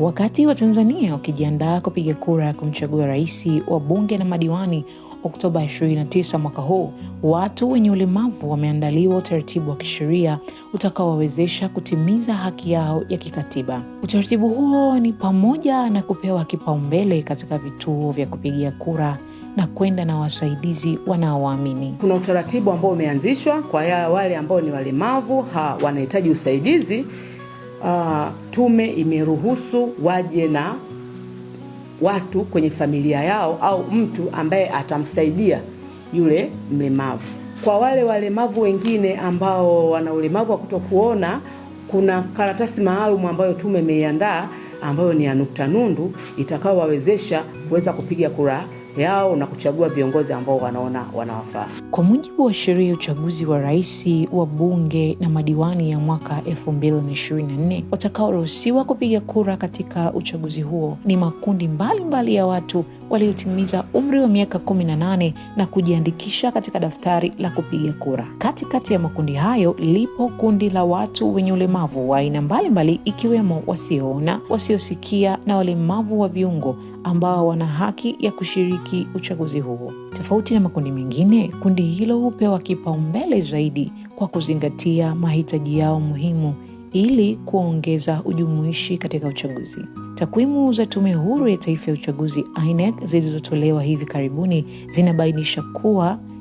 Wakati wa Tanzania wakijiandaa kupiga kura ya kumchagua rais wa bunge na madiwani Oktoba 29 mwaka huu, watu wenye ulemavu wameandaliwa utaratibu wa kisheria utakaowawezesha kutimiza haki yao ya kikatiba. Utaratibu huo ni pamoja na kupewa kipaumbele katika vituo vya kupigia kura na kwenda na wasaidizi wanaowaamini. Kuna utaratibu ambao umeanzishwa kwa wale ambao ni walemavu, wanahitaji usaidizi uh, tume imeruhusu waje na watu kwenye familia yao au mtu ambaye atamsaidia yule mlemavu. Kwa wale walemavu wengine ambao wana ulemavu wa kutokuona, kuna karatasi maalum ambayo tume imeiandaa ambayo ni ya nukta nundu itakaowawezesha kuweza kupiga kura yao na kuchagua viongozi ambao wanaona wanawafaa. Kwa mujibu wa sheria ya uchaguzi wa rais, wa bunge na madiwani ya mwaka 2024, watakaoruhusiwa kupiga kura katika uchaguzi huo ni makundi mbalimbali mbali ya watu waliotimiza umri wa miaka 18 na kujiandikisha katika daftari la kupiga kura. Katikati kati ya makundi hayo lipo kundi la watu wenye ulemavu wa aina mbalimbali ikiwemo wasioona, wasiosikia na walemavu wa viungo ambao wana haki ya kushiriki kushiriki uchaguzi huo. Tofauti na makundi mengine, kundi hilo hupewa kipaumbele zaidi kwa kuzingatia mahitaji yao muhimu ili kuongeza ujumuishi katika uchaguzi. Takwimu za Tume Huru ya Taifa ya Uchaguzi INEC zilizotolewa hivi karibuni zinabainisha kuwa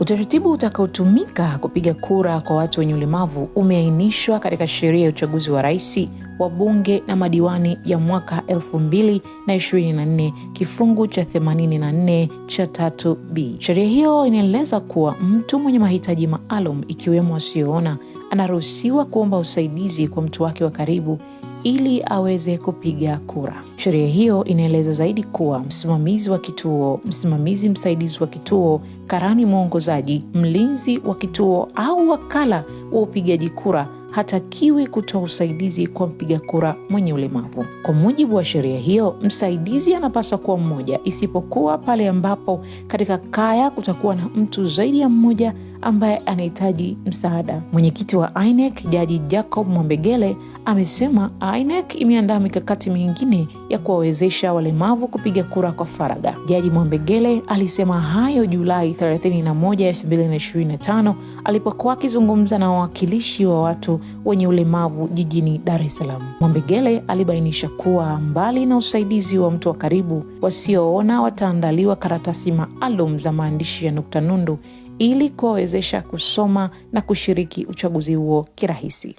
Utaratibu utakaotumika kupiga kura kwa watu wenye ulemavu umeainishwa katika sheria ya uchaguzi wa rais, wa bunge na madiwani ya mwaka 2024 kifungu cha 84 cha 3b. Sheria hiyo inaeleza kuwa mtu mwenye mahitaji maalum ikiwemo asiyoona anaruhusiwa kuomba usaidizi kwa mtu wake wa karibu ili aweze kupiga kura. Sheria hiyo inaeleza zaidi kuwa msimamizi wa kituo, msimamizi msaidizi wa kituo, karani mwongozaji, mlinzi wa kituo au wakala wa upigaji kura hatakiwi kutoa usaidizi kwa mpiga kura mwenye ulemavu. Kwa mujibu wa sheria hiyo, msaidizi anapaswa kuwa mmoja, isipokuwa pale ambapo katika kaya kutakuwa na mtu zaidi ya mmoja ambaye anahitaji msaada. Mwenyekiti wa INEC Jaji Jacob Mwambegele amesema INEC imeandaa mikakati mingine ya kuwawezesha walemavu kupiga kura kwa faragha. Jaji Mwambegele alisema hayo Julai 31, 2025 alipokuwa akizungumza na wawakilishi wa watu wenye ulemavu jijini Dar es Salaam. Mwambegele alibainisha kuwa mbali na usaidizi wa mtu wa karibu, wasioona wataandaliwa karatasi maalum za maandishi ya nukta nundu ili kuwawezesha kusoma na kushiriki uchaguzi huo kirahisi.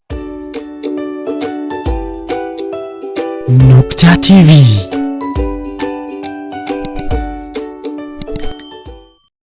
Nukta TV